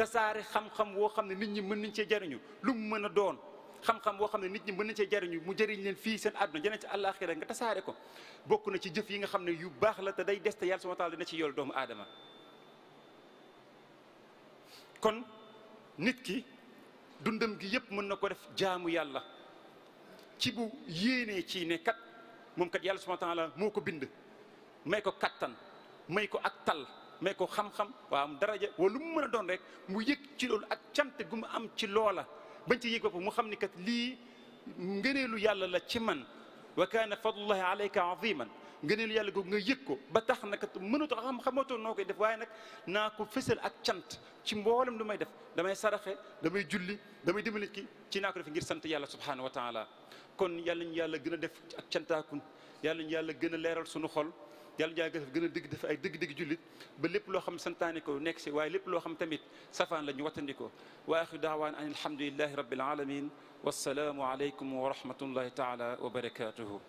tasaare xam-xam woo xam ne nit ñi mën nañ cee jariñu lu mu mën a doon xam-xam boo xam ne nit ñi mën nañ cee jariñu mu jëriñ leen fii seen àdduna jëriñ ci àllaaxira nga tasaare ko bokk na ci jëf yi nga xam ne yu baax la te day des te yàlla subhaanahu wa taala dina ci yool doomu aadama kon nit ki dundam gi yëpp mën na ko def jaamu yàlla ci bu yéenee ci ne kat moom kat yàlla subhaanahu wa moo ko bind may ko kattan may ko ak tal may ko xam-xam waa am daraja wala lu mu mën a doon rek mu yëg ci loolu ak cant gu am ci loola bañ ci yëg boppam mu xam ni kat lii ngëneelu yàlla la ci man wa kaana fadlullahi alayka aziman ngëneelu yàlla goog nga yëg ko ba tax na kat mënatu xam xamatoo noo koy def waaye nag naa ko fësal ak cant ci mboolem lu may def damay saraxe damay julli damay dimbali ki ci naa ko def ngir sant yàlla subhanahu wa taala kon yàlla ñu yàlla gën a def ak cantaakun yàlla ñu yàlla gën a leeral sunu xol yàlla jaay def gën a dëgg def ay dëgg-dëgg jullit ba lépp loo xam santaane ko nekk si waaye lépp loo xam tamit safaan la ñu wattandikoo wa axiru daawaan an alhamdulilahi rabbil alamin wasalaamu aleykum wa rahmatullahi taala wa barakatuhu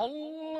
Allah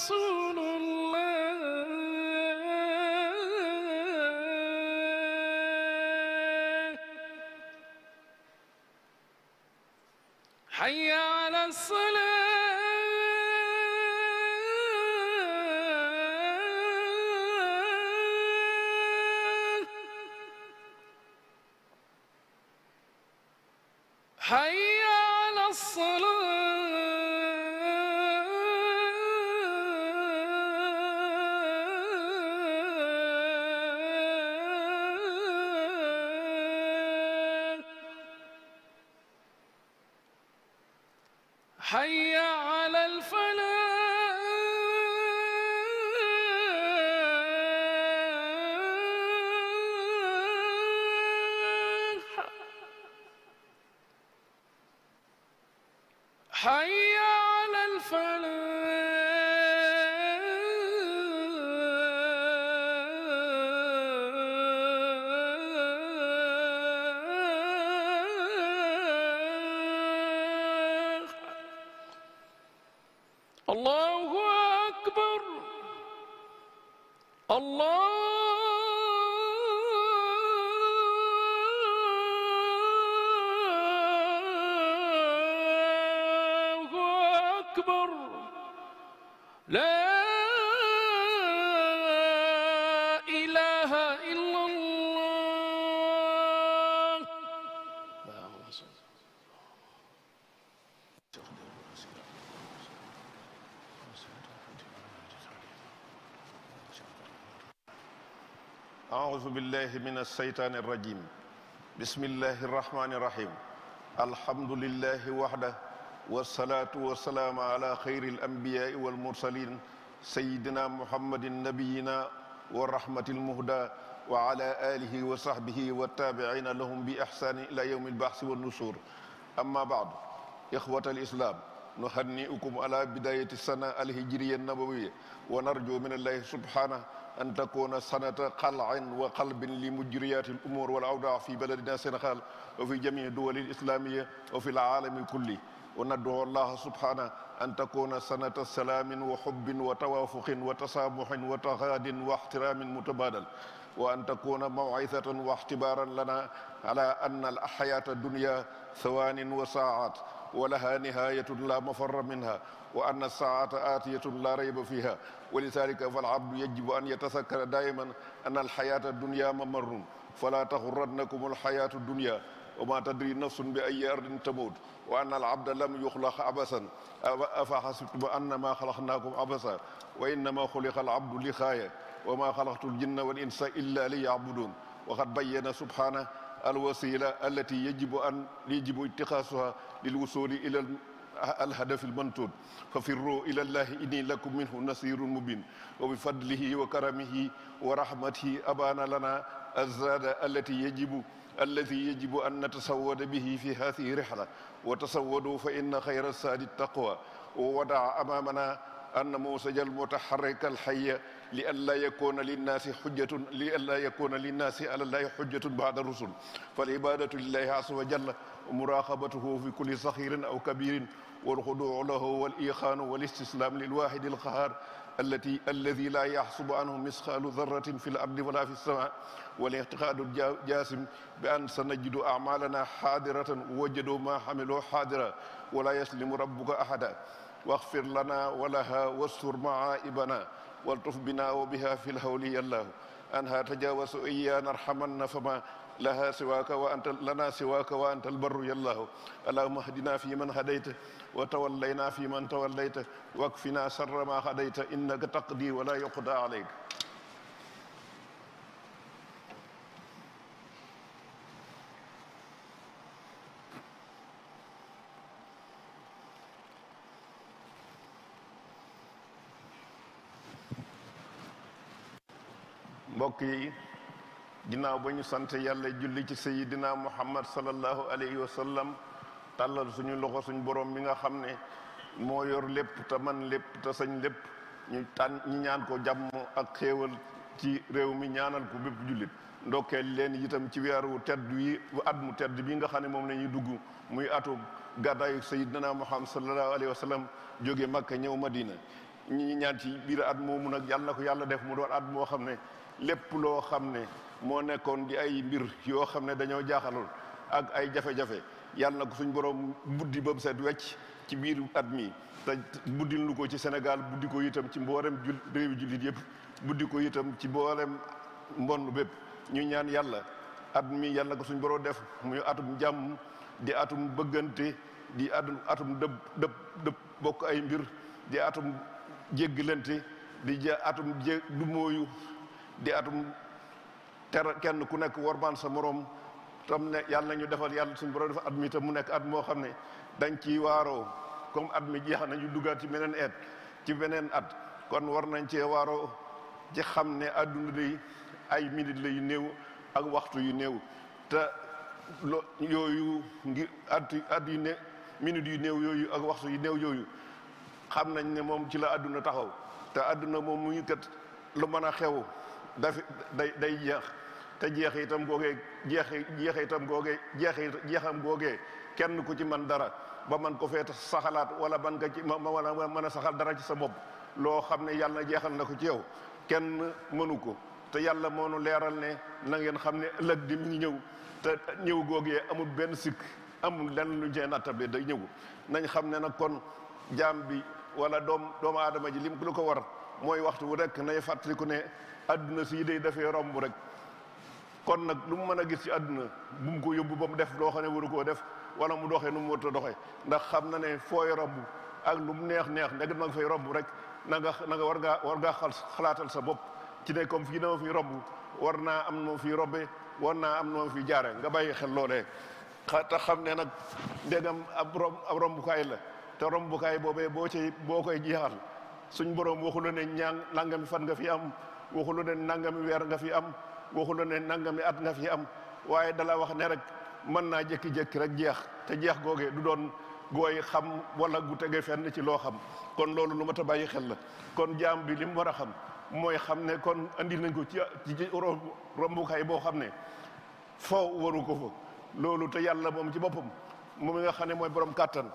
رسول الله حي على الصلاه إله إلا الله أعوذ بالله من الشيطان الرجيم بسم الله الرحمن الرحيم الحمد لله وحده والصلاة والسلام على خير الأنبياء والمرسلين سيدنا محمد نبينا wa rahmatil muhda wa ala alihi wa sahbihi wa tabiina lahum bi ihsani ila yawmi albaxsi wa nusur amma baadu ixwata alislam nuhanniukum ala bidayati sana alhijriya nabawiya wa narju min allahi subhanahu an takuna sanata qal'in wa qalbin li mujriyati al umur wal awdaa fi baladina sénégal wa fi jamii duwali islamiya wa fi l aalami kulli وندعو الله سبحانه أن تكون سنة سلام وحب وتوافق وتسامح وتغاد واحترام متبادل وأن تكون موعظة واختبارا لنا على أن الحياة الدنيا ثوان وساعات ولها نهاية لا مفر منها وأن الساعة آتية لا ريب فيها ولذلك فالعبد يجب أن يتذكر دائما أن الحياة الدنيا ممر فلا تغرنكم الحياة الدنيا wa ma tadri nafsun bi ay ardin tamut wa anna al abda lam yuxlaq abasan afa xasibtum annama xalaqnaakum abasa wa innama xuliqa al abdu li xaaya wa ma xalaqtu al jinna wal insa illa li yacbudun wa qad bayyana subhana al wasila allati yajibu an yajibu itixaasuha lil wusuli ila الهدف المنتود ففروا إلى الله إني لكم منه نصير مبين وبفضله وكرمه ورحمته أبان لنا الزاد التي يجب alladi yajibu an natasawada bihi fi hadihi rihla wa tasawadu fa inna xayra assaadi taqwa wa wadaa amaamana anna muusaja almutaharrika alhayya li an laa yakuna linnaasi hujjatun li an laa yakuna linnaasi ala llaahi hujjatun baada rusul fal ibadatu lillahi azza wa jalla wa muraqabatuhu fi kulli saxirin aw kabirin wal xuduu lahu wal iqaanu wal istislaam lil waahidi alqahaar allati alladi laa yaxsubu anhu misqaalu darratin fi l ardi wala fi sama wala itiqaadu jaasim bi an sa najidu amalana xaadiratan wajadoo maa xamiloo xaadira wala yaslimu rabbuka ahada waxfir lana walaha wastur maaibana waltuf bina wa biha fi lhawli yallahu anha tajaawasu iyaana arxamanna fama laha siwaaka wa anta lana siwaaka wa anta albarru yallaahu allahuma ahdina fi man hadayta wa tawallayna fi man tawallayta wakfina sharra ma hadayta innaka taqdi wa la yuqda alayk mbokk yi ginnaaw ba ñu sant yàlla julli ci sayidina muhammad sallallahu alayhi wa sallam tàllal suñu loxo suñu borom mi nga xam ne moo yor lépp te man lépp te sañ lépp ñu tàn ñi ñaan ko jàmm ak xéewal ci réew mi ñaanal ko bépp jullit ndokkeel leen itam ci weeru tedd yi at mu tedd bi nga xam ne moom la ñuy dugg muy atu gàddaayu sayidina muhammad sallallahu alayhi wa sallam jóge makka ñëw madina ñi ñaan ci biir at moomu nag yàlla na ko yàlla def mu doon at moo xam ne lépp loo xam ne moo nekkoon di ay mbir yoo xam ne dañoo jaaxaloon ak ay jafe-jafe yàlla na ko suñ borom buddi ba mu set wecc ci biir at mi te buddil nu ko ci senegal buddi ko itam ci mboolem jul réewi jullit yëpp buddi ko itam ci mboolem mbonn bépp ñu ñaan yàlla at mi yàlla na ko suñ borom def muy atum jàmm di atum bëggante di atum atum dëpp bokk ay mbir di atum jéggalante di ja atum jé di atum ter kenn ku nekk wormaan sa moroom tam ne yàlla nañu defal yàlla suñu borom dafa at mi mu nekk at moo xam ne dañ ciy waaroo comme at mi jeex nañu duggaat ci beneen et ci beneen at kon war nañ cee waaroo ci xam ne àdduna lay ay minit la yu néew ak waxtu yu néew te lo yooyu ngir at at yu minit yu néew yooyu ak waxtu yu néew yooyu xam nañ ne moom ci la àdduna taxaw te àdduna moom muy ñu kat lu mën a xew dafi day day jeex te jeex itam googee jeex jeex itam googee jeex jeexam googee kenn ku ci man dara ba man ko feet saxalaat wala ban nga ci wala mën a saxal dara ci sa bopp loo xam ne yàlla jeexal na ko ci yow kenn mënu ko te yàlla moo nu leeral ne na ngeen xam ne ëllëg di mi ngi ñëw te ñëw googee amul benn sikk amul lenn lu cee nattable day ñëw nañ xam ne na kon jaam bi walla doom doomu aadama ji lim la ko war mooy waxtu rek nay fàttaliku ne àdduna sii day dafee romb rek kon nag lu mu mën a gis ci àdduna bu ko yóbbu ba mu def loo xam ne waru koo def wala mu doxee nu mu warut a doxee ndax xam na ne fooy romb ak lu mu neex neex ndeg na nga fay romb rek na nga na nga war ngaa war ngaa xalaatal sa bopp ci ne comme fii dama fi romb war naa am noo fi robbe war naa am noo fi jaare nga bàyyi xel loolee te xam ne nag ndegam ab romb ab rombukaay la te rombukaay boobee boo ci boo koy jeexal suñ borom waxula ne ñaang nangami fan nga fi am waxula ne nangami weer nga fi am waxula ne nangami at nga fi am waaye dala wax ne rek mën naa jékki-jékki rek jeex te jeex googee du doon gooy xam walla gu tege fenn ci loo xam kon loolu lu ma bàyyi xel la kon jaam bi li war a xam mooy xam ne kon andi nañ ko ci ci rombukaay boo xam ne fo waru ko fa loolu te yàlla moom ci boppam moom mi nga xam ne mooy boroom kàttan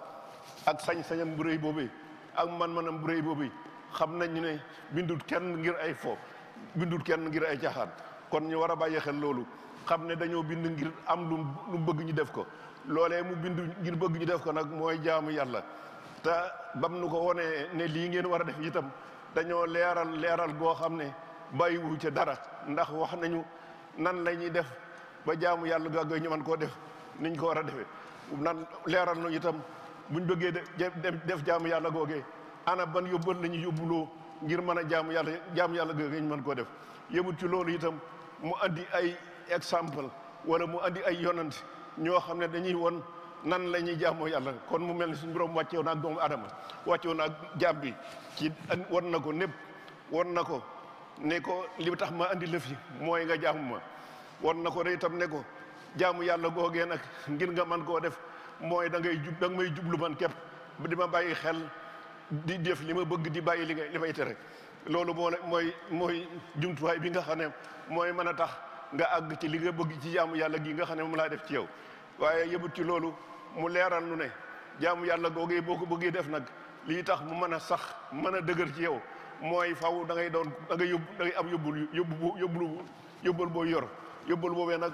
ak sañ-sañam bu rëy boobee ak man-manam bu réy boobu xam nañu ne bindut kenn ngir ay fo bindut kenn ngir ay caaxaan kon ñu war a bàyyi xel loolu xam ne dañoo bind ngir am lu lu bëgg ñu def ko loole mu bindu ngir bëgg ñu def ko nag mooy jaamu yàlla te bam nu ko wonee ne lii ngeen war a def itam dañoo leeral leeral goo xam ne bàyyiwu ca dara ndax wax nañu nan la ñuy def ba jaamu yàlla gàggoy ñu man koo def niñ ko war a defee nan leeral nu itam buñ bëggee def jaamu yàlla googee ana ban yóbbal la ñu yóbbuloo ngir mën a jaamu yàlla jaamu yàlla googee ñu mën koo def yëmut ci loolu itam mu andi ay exemple wala mu andi ay yonant ñoo xam ne dañuy won nan lañuy ñuy jaamoo yàlla kon mu mel ni suñu borom wàcceew naag doomu adama wàcceew naag jaam bi ci won na ko népp won na ko ne ko li tax ma andi la fi mooy nga jaamu ma won na ko itam ne ko jaamu yàlla googee nag ngir nga man koo def mooy da ngay jub da may jublu man képp di ma bàyyi xel di def li ma bëgg di bàyyi li nga li may loolu moo mooy mooy jumtuwaay bii nga xam ne mooy mën a tax nga àgg ci li bëgg ci jaamu yàlla gii nga xam ne moom laa def ci yow waaye yëbut ci loolu mu leeral nu ne jaamu yàlla googee boo ko bëggee def nag lii tax mu mën a sax mën a dëgër ci yow mooy faw da ngay doon da ngay yóbbu da ngay am yóbbul yóbbu yóbbul yóbbal boo yor yóbbal we nag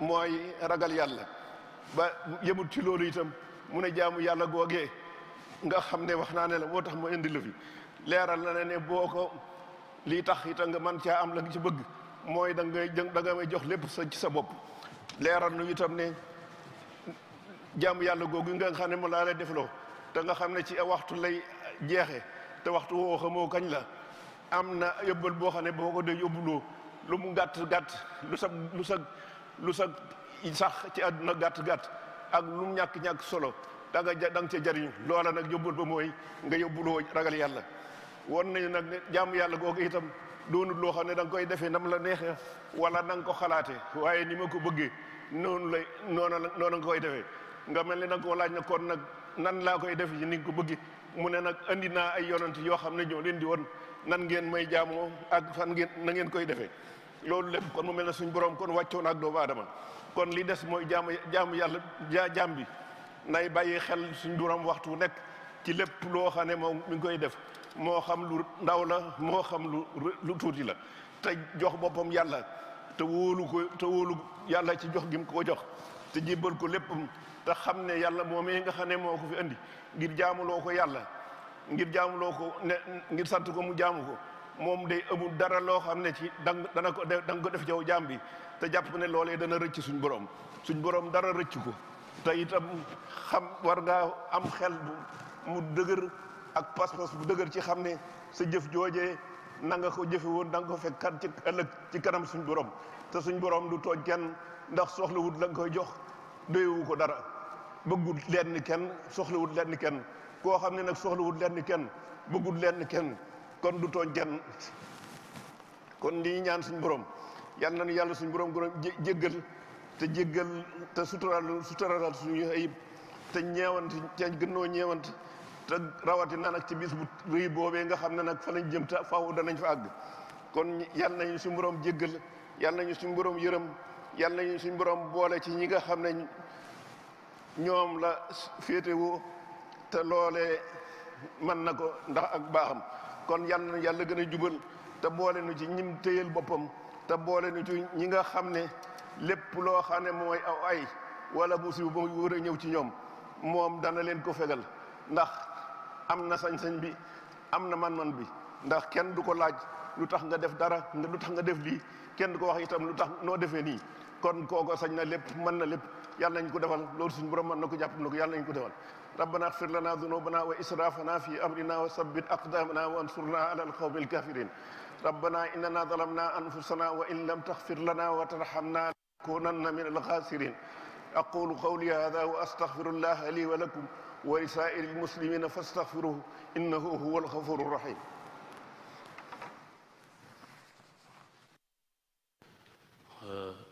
mooy ragal yàlla ba yemul ci loolu itam mu ne jaamu yàlla googee nga xam ne wax naa ne la moo tax mu indi la fi leeral na ne ne boo ko lii tax itam nga man caa am la nga ci bëgg mooy da ngay da nga may jox lépp sa ci sa bopp leeral nu itam ne jaamu yàlla googu nga xam ne mu laa lay defloo te nga xam ne ci a waxtu lay jeexe te waxtu woo xamoo kañ la am na yóbbal boo xam ne boo ko de yóbbuloo lu mu gàtt gàtt lu sa lu sa lu sa sax ci àdduna gàtt-gàtt ak lu ñàkk-ñàkk solo da nga da nga ca jariñ loola nag yóbbul ba mooy nga yóbbuloo ragal yàlla won nañu nag ne yàlla googu itam doonut loo xam ne da nga koy defee nam la neexee wala na nga ko xalaatee waaye ni ma ko bëggee noonu lay noonu la noonu nga koy defee nga mel ne da nga laaj na kon nag nan laa koy defee ni nga ko bëggee mu ne nag andi naa ay yonent yoo xam ne ñoo leen di won nan ngeen may jaamoo ak fan ngeen na ngeen koy defee loolu lépp kon mu mel ne suñu borom kon wàccoon ak doomu aadama kon lii des mooy jaamu jaamu yàlla ja jaam bi nay bàyyi xel suñ duram waxtu nekk ci lépp loo xam ne moom mi ngi koy def moo xam lu ndaw la moo xam lu lu tuuti la te jox boppam yàlla te woolu ko te wóolu yàlla ci jox gim ko jox te jibbal ko léppam te xam ne yàlla moomee nga xam ne moo ko fi andi ngir jaamuloo ko yàlla ngir jaamuloo ko ne ngir sant ko mu jaamu ko moom day amul dara loo xam ne ci dang dana ko def danga ko def jaw jaam bi te jàpp ne loolee dana rëcc suñ borom suñ borom dara rëcc ko te itam xam war ngaa am xel mu dëgër ak pas-pas bu dëgër ci xam ne sa jëf joojee na nga ko jëfe woon da nga ko fekk kan ci ëllëg ci kanam suñ borom te suñ borom du tooñ kenn ndax soxlawut la nga koy jox doyewu ko dara bëggul lenn kenn soxlawut lenn kenn koo xam ne nag soxlawut lenn kenn bëggul lenn kenn kon du tooñ kenn kon li ñaan suñ borom yal nañu yàlla suñu borom borom jéggal te jéggal te suturaal suturaal suñu ayib te ñeewante te gënnoo ñeewante te rawatina nag ci bis bu rëy boobee nga xam ne nag fa lañ jëm te faaw danañ fa àgg kon yal nañu suñu borom jéggal yal nañu suñu borom yërëm yal nañu suñu borom boole ci ñi nga xam ne ñoom la féetewoo te loolee man na ko ndax ak baaxam kon yal na yàlla gën a jubal te boole nu ci ñim téyel boppam te boole ñu ci ñi nga xam ne lépp loo xam ne mooy aw ay wala musiba bu war a ñëw ci ñoom moom dana leen ko fegal ndax am na sañ-sañ bi am na man-man bi ndax kenn du ko laaj lu tax nga def dara nga lu tax nga def lii kenn du ko wax itam lu tax noo defee nii kon kookoo sañ na lépp mën na lépp yàlla nañ ko defal loolu suñu borom mën na ko jàpp na ko yàlla nañ ko defal rabbana axfir lana dunubana wa israfana fi amrina wa sabbit aqdamana wa ansurna ala alqawmi alkafirin ربنا إننا ظلمنا أنفسنا وإن لم تغفر لنا وترحمنا لنكونن من الخاسرين أقول قولي هذا وأستغفر الله لي ولكم ولسائر المسلمين فاستغفروه إنه هو الغفور الرحيم Uh...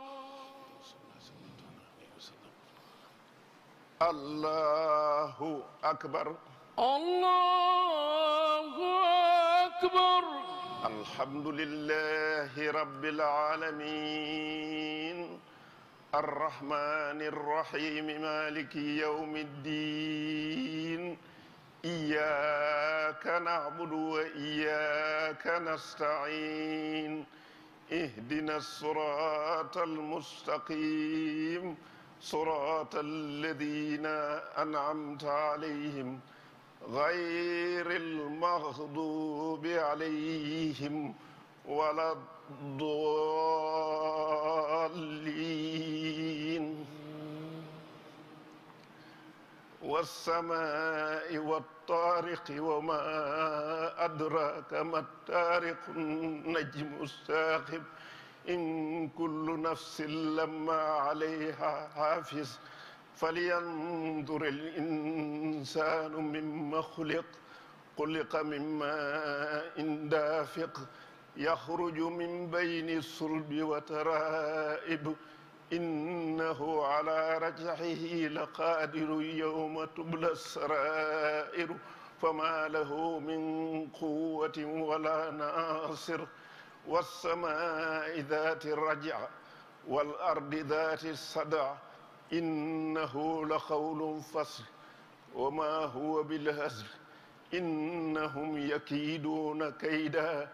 allahu akbar allahu akbar alhamdulillahi rabbil alamin الرحمن الرحيم مالك يوم الدين إياك نعبد وإياك نستعين اهدنا الصراط المستقيم صراط الذين أنعمت عليهم غير المغضوب عليهم ولا الضالين والسماء والطارق وما أدراك ما الطارق النجم الثاقب إن كل نفس لما عليها حافظ فلينظر الإنسان مما خلق خلق من ماء دافق يخرج من بين الصلب وترائب إنه على رجعه لقادر يوم تبلى السرائر فما له من قوة ولا ناصر والسماء ذات الرجع والأرض ذات الصدع إنه لقول فصل وما هو بالهزل إنهم يكيدون كيدا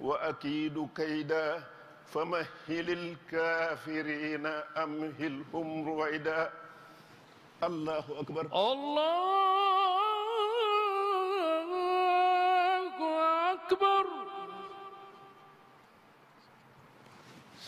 وأكيد كيدا فمهل الكافرين أمهلهم رويدا الله أكبر الله أكبر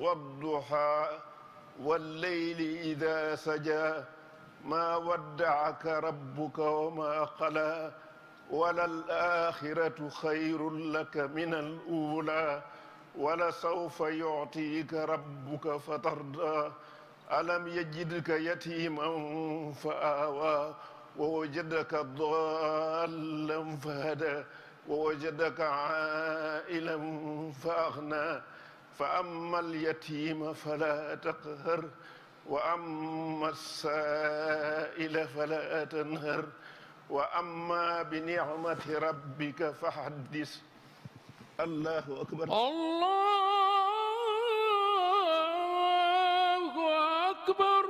والضحى والليل إذا سجى ما ودعك ربك وما قلى وللآخرة خير لك من الأولى ولسوف يعطيك ربك فترضى ألم يجدك يتيما فآوى ووجدك ضالا فهدى ووجدك عائلا فأغنى fa amma alyatiima fala taqhar wa amma alsaila fala tanhar wa amma bi nicmati rabbika fa haddis allahu akbar allahu akbar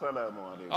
assalaamu aleykum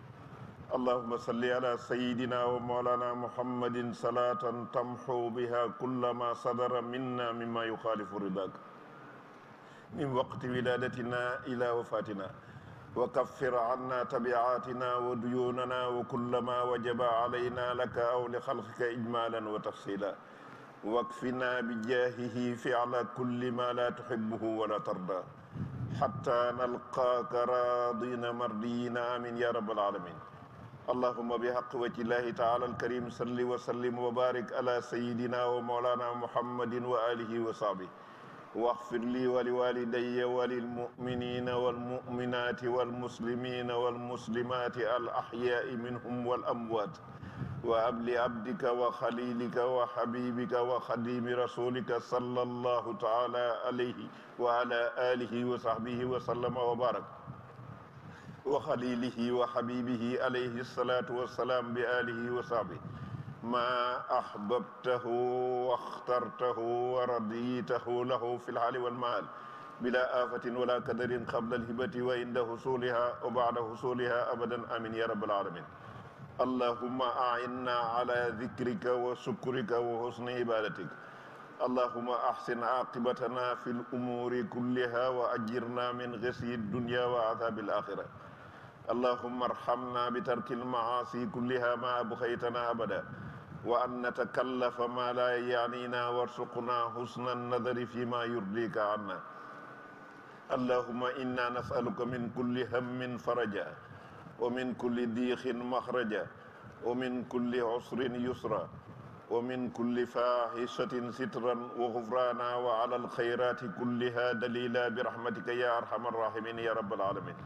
اللهم صل على سيدنا ومولانا محمد صلاة تمحو بها كل ما صدر منا مما يخالف رضاك من وقت ولادتنا إلى وفاتنا وكفر عنا تبعاتنا وديوننا وكل ما وجب علينا لك أو لخلقك إجمالا وتفصيلا واكفنا بجاهه فعل كل ما لا تحبه ولا ترضى حتى نلقاك راضين مرضيين آمين يا رب العالمين اللهم بحق وجه الله تعالى الكريم صل وسلم وبارك على سيدنا ومولانا محمد وآله وصحبه واغفر لي ولوالدي وللمؤمنين والمؤمنات والمسلمين والمسلمات الأحياء منهم والأموات وأب لعبدك وخليلك وحبيبك وخديم رسولك صلى الله تعالى عليه وعلى آله وصحبه وسلم وبارك وخليله وحبيبه عليه الصلاة والسلام بآله وصحبه ما أحببته واخترته ورضيته له في الحال والمال بلا آفة ولا كدر قبل الهبة وعند حصولها وبعد حصولها أبدا آمين يا رب العالمين اللهم أعنا على ذكرك وشكرك وحسن عبادتك اللهم أحسن عاقبتنا في الأمور كلها وأجرنا من غسي الدنيا وعذاب الآخرة اللهم ارحمنا بترك المعاصي كلها ما أبقيتنا أبدا وأن نتكلف ما لا يعنينا وارزقنا حسن النظر فيما يرضيك عنا اللهم إنا نسألك من كل هم فرجا ومن كل ضيق مخرجا ومن كل عسر يسرا ومن كل فاحشة سترا وغفرانا وعلى الخيرات كلها دليلا برحمتك يا أرحم الراحمين يا رب العالمين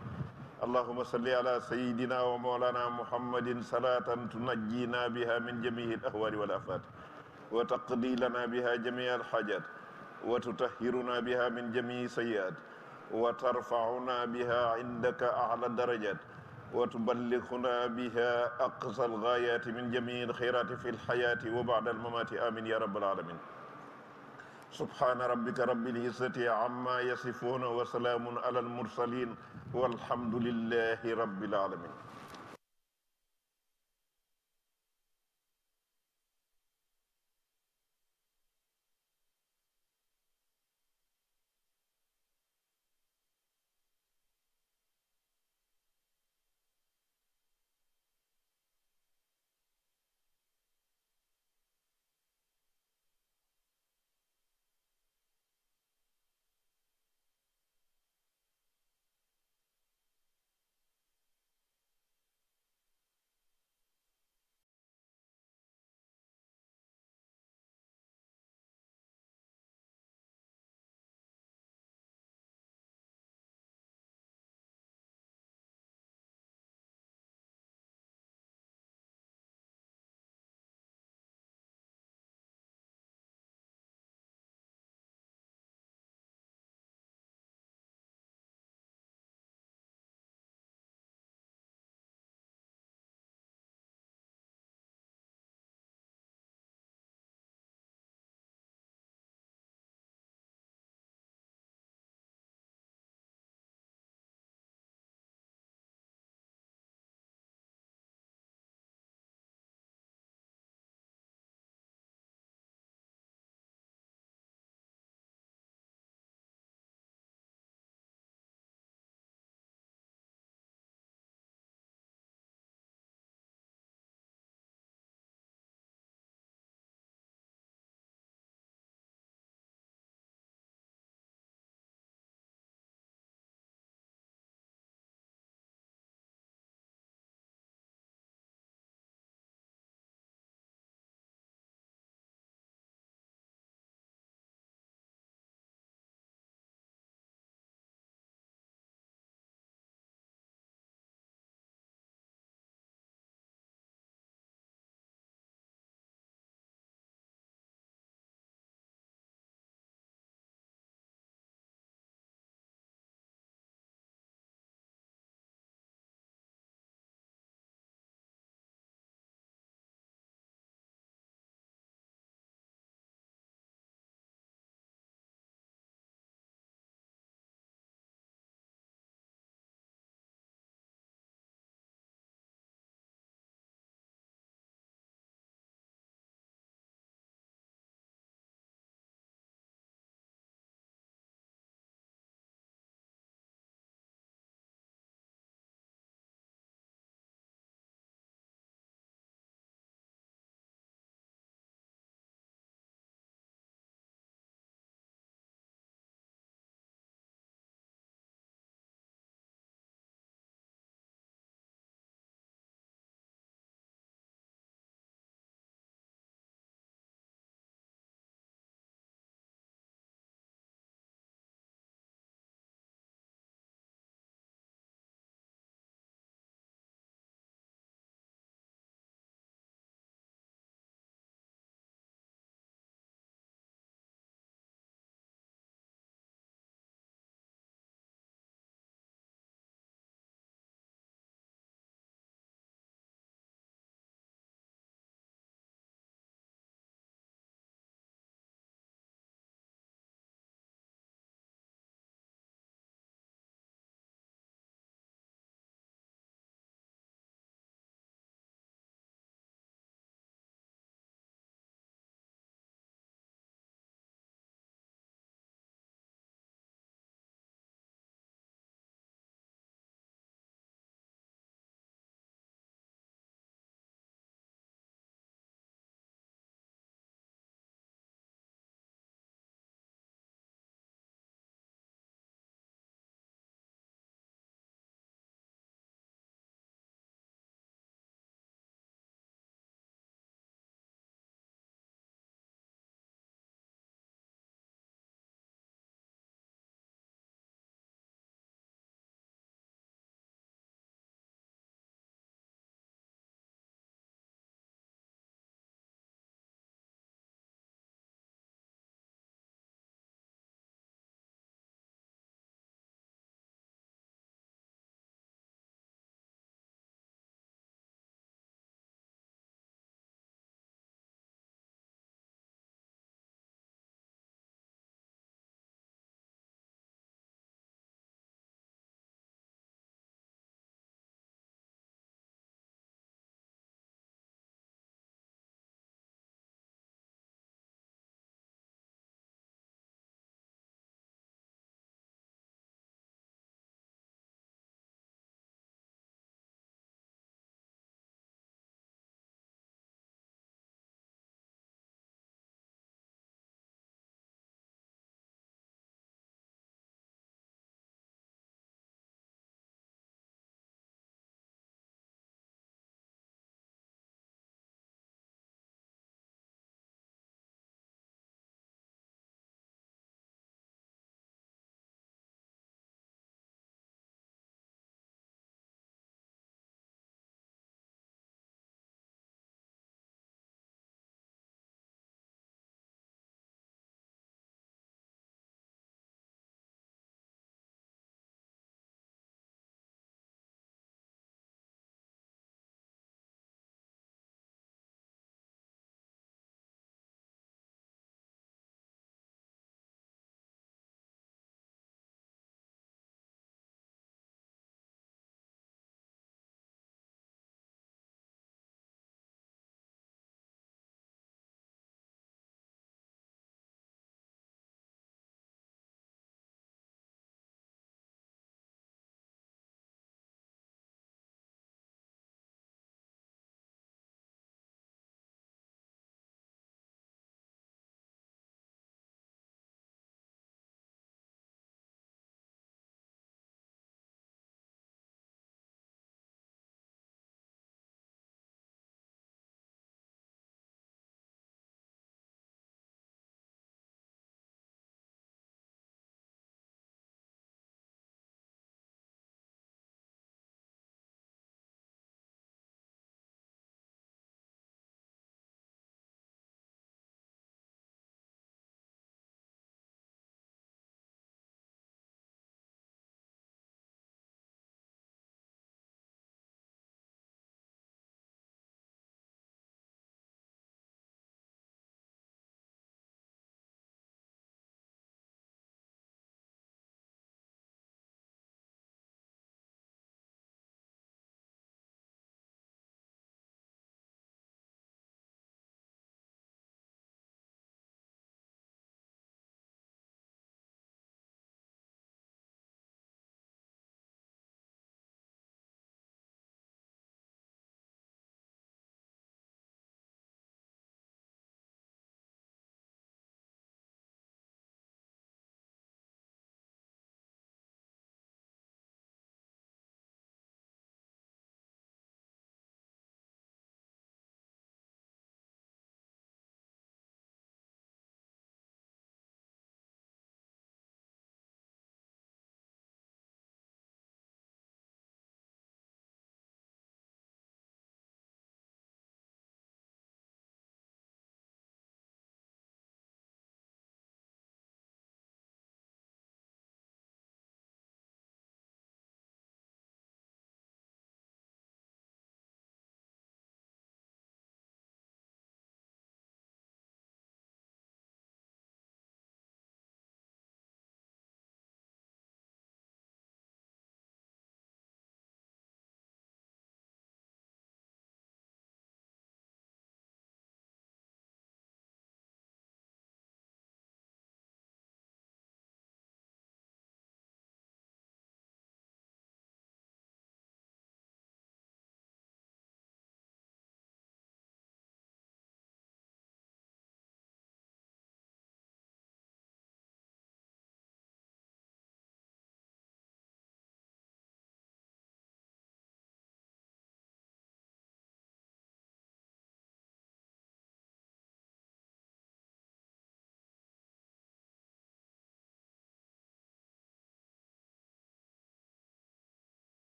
اللهم صل على سيدنا ومولانا محمد صلاة تنجينا بها من جميع الأهوال والآفات وتقضي لنا بها جميع الحاجات وتطهرنا بها من جميع السيئات وترفعنا بها عندك أعلى الدرجات وتبلغنا بها أقصى الغايات من جميع الخيرات في الحياة وبعد الممات آمين يا رب العالمين subhaana rabbika rabbil izzati amma yasifuuna wa salaamun ala al mursalin walhamdulillahi rabbil alamin